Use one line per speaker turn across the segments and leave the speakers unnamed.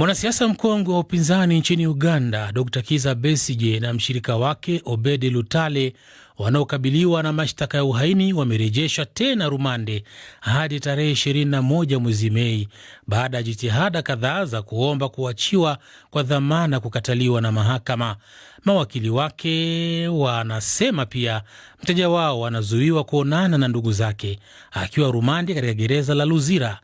Mwanasiasa mkongwe wa upinzani nchini Uganda, Dr Kiza Besije na mshirika wake Obedi Lutale wanaokabiliwa na mashtaka ya uhaini wamerejeshwa tena rumande hadi tarehe 21 mwezi Mei baada ya jitihada kadhaa za kuomba kuachiwa kwa dhamana kukataliwa na mahakama. Mawakili wake wanasema pia mteja wao anazuiwa kuonana na ndugu zake akiwa rumande katika gereza la Luzira.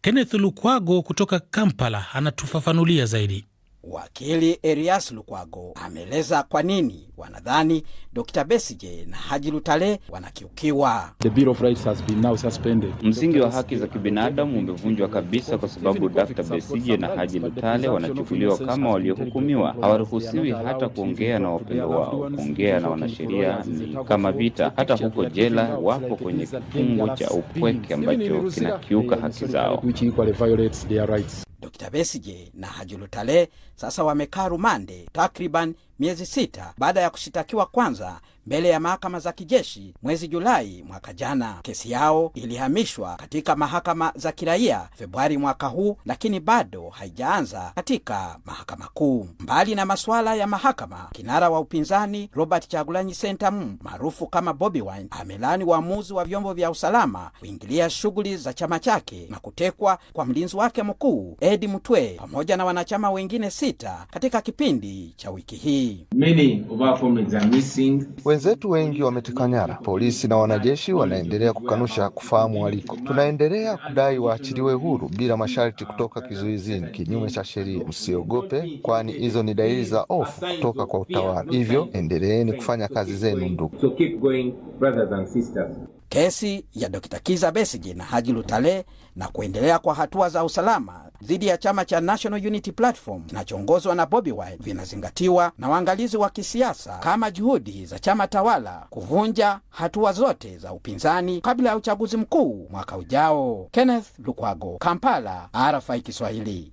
Kenneth Lukwago kutoka Kampala anatufafanulia zaidi.
Wakili Elias Lukwago ameeleza kwa nini wanadhani Dr. Besigye na Haji Lutale wanakiukiwa.
The Bill of Rights has been now suspended.
Msingi wa haki za kibinadamu umevunjwa kabisa kwa sababu Dr. Besigye na Haji Lutale wanachukuliwa kama waliohukumiwa. Hawaruhusiwi hata kuongea na wapendo wao. Kuongea na wanasheria ni kama vita. Hata huko jela wapo kwenye kifungo cha upweke ambacho kinakiuka haki zao.
Kizza Besigye na Hajulutale sasa wamekaa rumande takriban miezi sita baada ya kushitakiwa kwanza mbele ya mahakama za kijeshi mwezi Julai mwaka jana. Kesi yao ilihamishwa katika mahakama za kiraia Februari mwaka huu, lakini bado haijaanza katika mahakama kuu. Mbali na masuala ya mahakama, kinara wa upinzani Robert Chagulanyi sentam maarufu kama Bobi Wine amelani uamuzi wa vyombo vya usalama kuingilia shughuli za chama chake na kutekwa kwa mlinzi wake mkuu Edi Mtwe pamoja na wanachama wengine sita katika kipindi cha wiki hii.
Wenzetu wengi wameteka nyara, polisi na wanajeshi wanaendelea kukanusha kufahamu waliko. Tunaendelea kudai waachiliwe huru bila masharti kutoka kizuizini kinyume cha sheria. Msiogope, kwani hizo ni dalili za ofu kutoka kwa utawala. Hivyo endeleeni kufanya kazi zenu ndugu.
Kesi ya Dr. Kiza Besigye na Haji Lutale na kuendelea kwa hatua za usalama dhidi ya chama cha National Unity Platform kinachoongozwa na Bobi Wine vinazingatiwa na waangalizi wa kisiasa kama juhudi za chama tawala kuvunja hatua zote za upinzani kabla ya uchaguzi mkuu mwaka ujao. Kenneth Lukwago, Kampala, RFI Kiswahili.